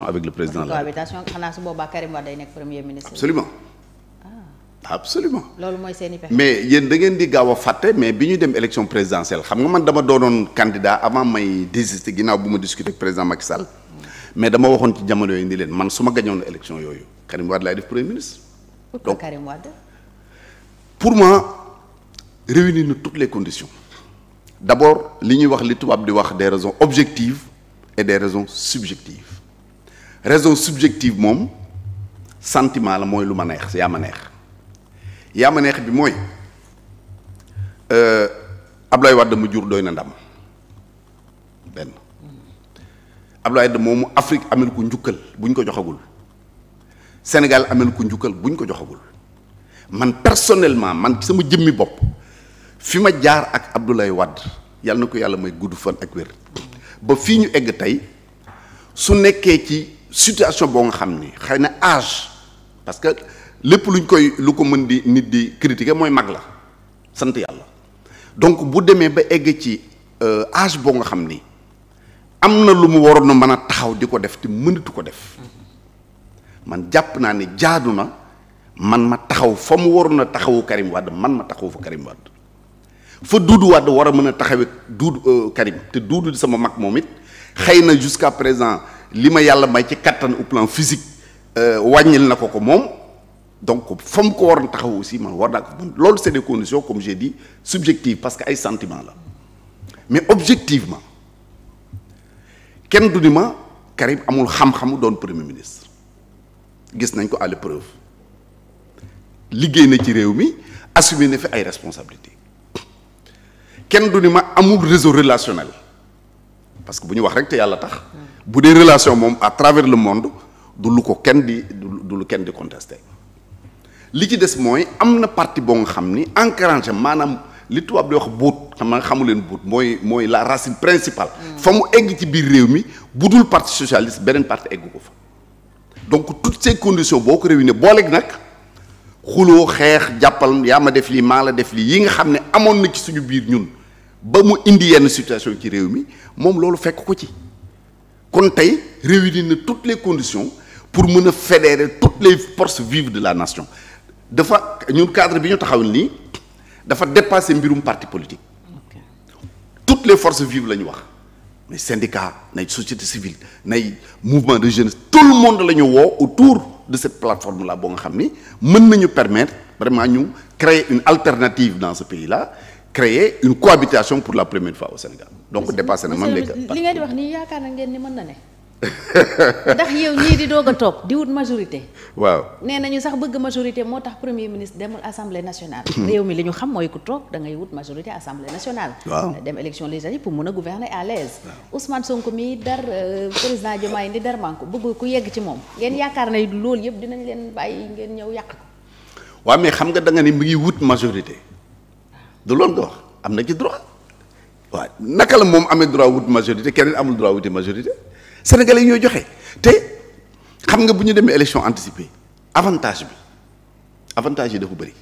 avec le président la cohabitation xanaa su boobaa Karim Wade day nekk premier ministre. absolument ah. absolument loolu mooy mais yéen da ngeen di gaaw a fàtte mais bi ñuy dem élection présidentielle xam nga man dama doonoon candidat avant may désister ginnaaw bu ma discuter ak président Macky Sall. mais dama waxoon ci jamono yooyu ni leen man su ma gañoon élection yooyu Karim Wade laay def premier ministre. pourquoi Karim pour moi réunir na toutes les conditions d' abord li ñuy wax li tubaab di wax des raisons objectives et des raisons subjectives. raison subjective moom sentiment la mooy lu ma neex yaa ma neex yaa ma neex bi mooy euh, Abdoulaye Wade ma jur dooy na ndam benn Abdoulaye Wade moomu Afrique amel ko njukkal buñ ko joxagul Sénégal amel ko njukkal buñ ko joxagul man personnellement man sama jëmmi bopp fi ma jaar ak Abdoulaye wadd yàlla na ko yàlla may gudd fan ak wér ba fii ñu egg tey su nekkee ci situation boo nga xam nii xëy na age parce que lépp luñ koy lu ko mën di nit di critiquer mooy mag la sant yàlla donc bu demee ba egg ci age euh, boo nga xam ni am na lu mu waroon a mën a taxaw di ko def te mënatu ko def man jàpp naa ne jaadu na man ma taxaw fa mu waroon a taxawu Karim Wade man ma taxawu fa Karim Wade fa Doudou Wade war a mën a taxawee Doudou euh, Karim te Doudou di sama mag moom it xëy na jusqu'à présent li ma yàlla may ci kattan au plan physique euh, wàññil na ko ko moom donc fa mu ko war na taxaw aussi man war naa ko man loolu c'est des conditions comme j'ai dit subjectives parce que ay sentiment la mais objectivement kenn du ni ma Karim amul xam-xamu doon premier ministre gis nañ ko à l'épreuve liggéey na ci réew mi assumer na fi ay responsabilités kenn du ni ma amul réseau relationnel parce que bu ñu wax rek te yàlla tax bu dee relation moom à travers le monde du lu ko kenn di du lu kenn di contesté li ci des mooy am na parti boo nga xam ni engrangé maanaam li tubaab di wax buut xam nga xamu leen buut mooy la racine principal hmm. fa mu egg ci biir réew mi bu dul parti socialiste beneen parti eggu ko fa donc toutes ces conditions boo ko réunir booleeg nag xuloo xeex jàppal yaa ma def lii maa la def lii yi nga xam ne amoon na ci suñu biir ñun ba mu indi yenn situation ci réew mi moom loolu fekk ko ci kon tey réunir na toutes les conditions pour mën a fédérer toutes les forces vives de la nation dafa ñu cadre bi ñu taxaw nii dafa dépasser mbirum parti politique toutes les forces vives la ñu wax nay syndicat nay société civile nay mouvement de jeunesse tout le monde la ñu woo autour de cette plateforme là boo nga xam ni mën nañu permettre vraiment ñu créer une alternative dans ce pays là créer une cohabitation pour la première fois au Sénégal donc dépassé na même les cas di wax nii yaakaar na ngeen ni mën na ne ndax yow ñii di doog a toog di wut majorité waaw nee nañu sax bëgg majorité moo tax premier ministre demul assemblée nationale réew mi li ñu xam mooy ku toog da ngay wut majorité assemblée nationale dem élection législative pour mën a gouverner à l'aise Ousmane Sonko mii dar euh, président Diomaye di dar manko bëgg ku yegg ci moom du loolu nga wax am na ci droit waaw naka la moom amee droit wut majorité keneen amul droit wuti majorité sénégal yi ñooy joxe te xam nga bu ñu demee élection anticipée avantage bi avantage yi dafa bëri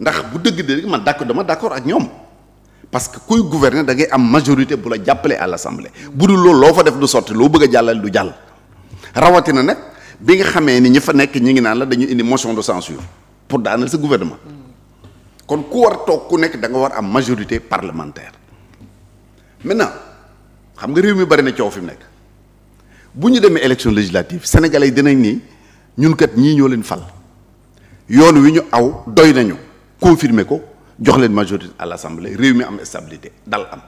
ndax bu dëgg dëgg man d'accord dama d'accord ak ñoom parce que kuy gouverner da ngay am majorité bu la jàppale à l'assemblée bu dul loolu loo fa def du sotti loo bëgg a jàllal du jàll rawatina nag bi nga xamee ni ñi fa nekk ñi ngi naan la dañu indi motion de censure pour daanal sa gouvernement kon ku war toog ku nekk da nga war am majorité parlementaire maintenant xam nga réew mi bari na coow fi mu nekk bu ñu demee élection législative sénégalais yi dinañ nii ñun kat ñii ñoo leen fal yoon wi ñu aw doy nañu confirmer ko jox leen majorité à l'assemblée réew mi am stabilité dal am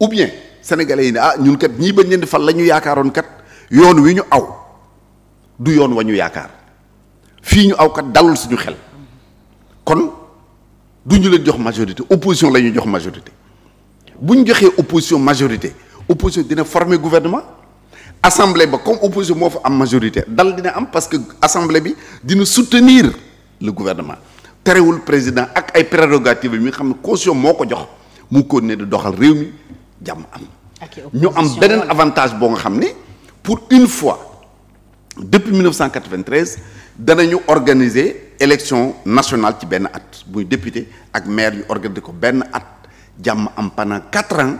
ou bien sénégalais yi ne ah ñun kat ñii bañ leen di fal la ñu yaakaaroon kat yoon wi ñu aw du yoon wa ñu yaakaar fii ñu aw kat dalul suñu xel du ñu leen jox majorité opposition la ñuy jox majorité bu ñu joxee opposition majorité opposition dina former gouvernement assemblée ba comme opposition moo fa am majorité dal dina am parce que assemblée bi dina soutenir le gouvernement terewul président ak ay prérogatives yi mu xam ne constitution moo ko jox mu ko ne di doxal réew mi jàmm am. ñu am beneen avantage boo nga xam ne pour une fois depuis 1993. danañu organiser élection nationale ci benn at muy député ak maire ñu organiser ko benn at jàmm am pendant quatre ans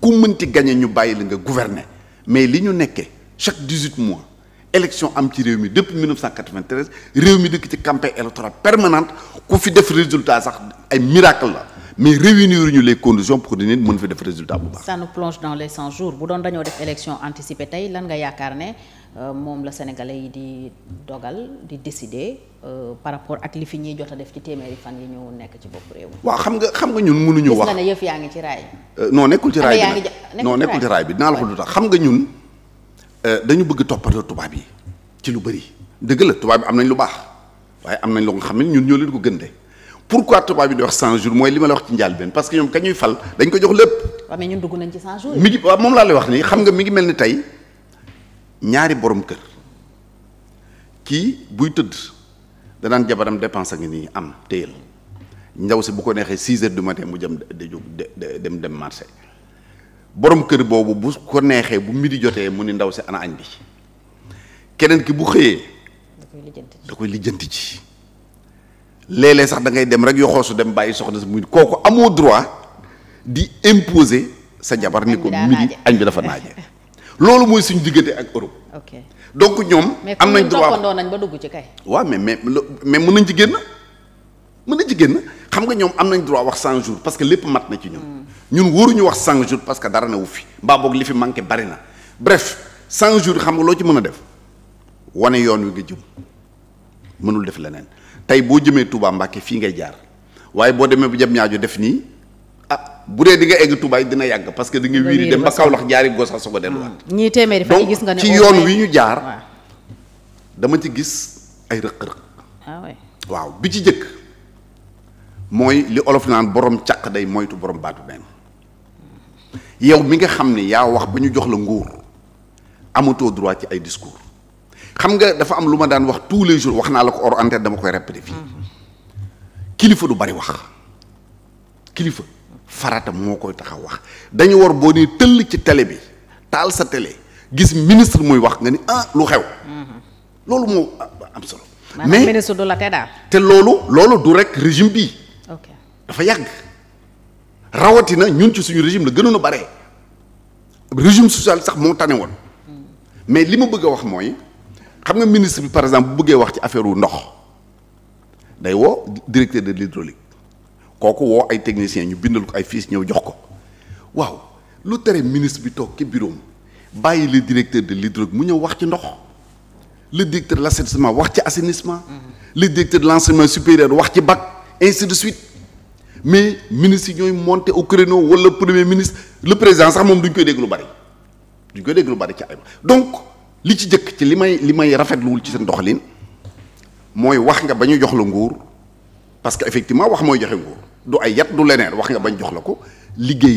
ku mënti gagné ñu bàyyi la nga gouverner mais li ñu nekkee chaque dix-huit mois élection am ci réew mi depuis 1993 réew mi dëkk ci campagne électorale permanente ku fi def résultat sax ay miracle la mais réunir ñu les conditions pour dinañ mën fi def résultat bu baax. ça nous plonge dans les 100 jours bu doon dañoo def élection anticipée tey lan nga yaakaar ne euh, moom la sénégalais yi di dogal di décider euh, par rapport ak li fi ñuy jot def ci téeméeri fan yi ñu nekk ci bopp réew. waaw xam nga xam nga ñun mënuñu. wax gis nga ne yëf yaa ngi ci raay. Euh, non nekkul ci raay bi non nekkul bi dinaa la ko lu tax xam nga ñun dañu bëgg toppatoo tubaab yi ci lu bëri. dëgg la tubaab bi am nañ lu baax waaye am nañ loo xam ne ñun ñoo ko gën pourquoi tubaab yi di wax 100 jours mooy li ma la wax ci njëlbéen parce que ñoom kañuy fal dañ ko jox lépp. waaw mais ñun dugg nañ ci 100 jours. mi ngi waaw moom laa lay wax nii xam nga mi ngi mel ni tey ñaari borom kër kii buy tëdd danaan jabaram dépense ngi nii am téyel ndaw si bu ko neexee 6 heures du matin mu jëm di jóg dem dem marché borom kër boobu bu ko neexee bu midi jotee mu ni ndaw si ana añ bi keneen ki bu xëyee. da koy lijjanti ci ci. léeg sax da ngay dem rek su dem bàyyi soxna si muy kooku amoo droit di imposer sa jabar ni ko midi añ bi dafa naaje loolu mooy suñ diggante ak Europe. ok donc ñoom. am nañ droit mais nañ ba dugg ci kay. waaw mais mais mais mën nañ ci génn mën nañ ci génn xam nga ñoom am nañ droit wax 100 jour parce que lépp mat na ci ñun. Hmm. ñun waruñu wax 100 jours parce que dara newu fi mbaa boog li fi manqué bari na bref 100 jours xam nga loo ci mën a def wane yoon wi nga jëm mënul def leneen. tey boo jëmee Touba Mbacke fii ngay jaar waaye boo demee bu jëm ñaajo def nii ah bu dee di nga egg Touba dina yàgg parce que da nga wiiri dem ba Kaolack jaari Gosa soo ko delluwaat. Ah, ñii téeméeri fan gis nga ne donc ci yoon wi ñu jaar. dama ci gis ay rëq-rëq. Ah waaw bi ci jëkk mooy li olof naan borom caq day moytu borom baatu benn yow mi nga xam ne yaa wax ba ñu jox la nguur amatoo droit ci ay discours. xam nga dafa am lu ma daan wax tous les jours wax naa la ko hors antenne dama koy répété fii kilifa du bari wax kilifa farata moo koy taxaw wax dañu war boo nee tëll ci télé bi taal sa télé gis ministre muy wax nga ni ah lu xew. Mm-hmm. loolu moo am solo. mais ministre du la te daal. te loolu loolu du rek régime bi dafa yàgg rawatina ñun ci suñu régime la gënoon a bare. régime social sax moo tane woon mm. mais li ma bëgg a wax mooy. xam nga ministre bi par exemple bu bëggee wax ci affaire wu ndox day woo directeur de l'hydraulique kooku woo ay techniciens ñu bindal ko ay fiches ñëw jox ko waaw lu tere ministre bi toog ci bureau bàyyi le directeur de l'hydraulique mu ñëw wax ci ndox le directeur de l'assainissement wax ci assainissement mm-hmm. le directeur de l'enseignement supérieur wax ci bac ainsi de suite mais ministre yi ñooy monter au wala premier ministre le président sax moom duñ koy dégg lu bari duñ bari ci ay donc li ci jëkk ci li may li may rafetluwul ci seen doxalin mooy wax nga ba ñu jox la nguur parce que effectivement wax mooy joxe nguur du ay yat du leneen wax nga bañ jox la ko liggéey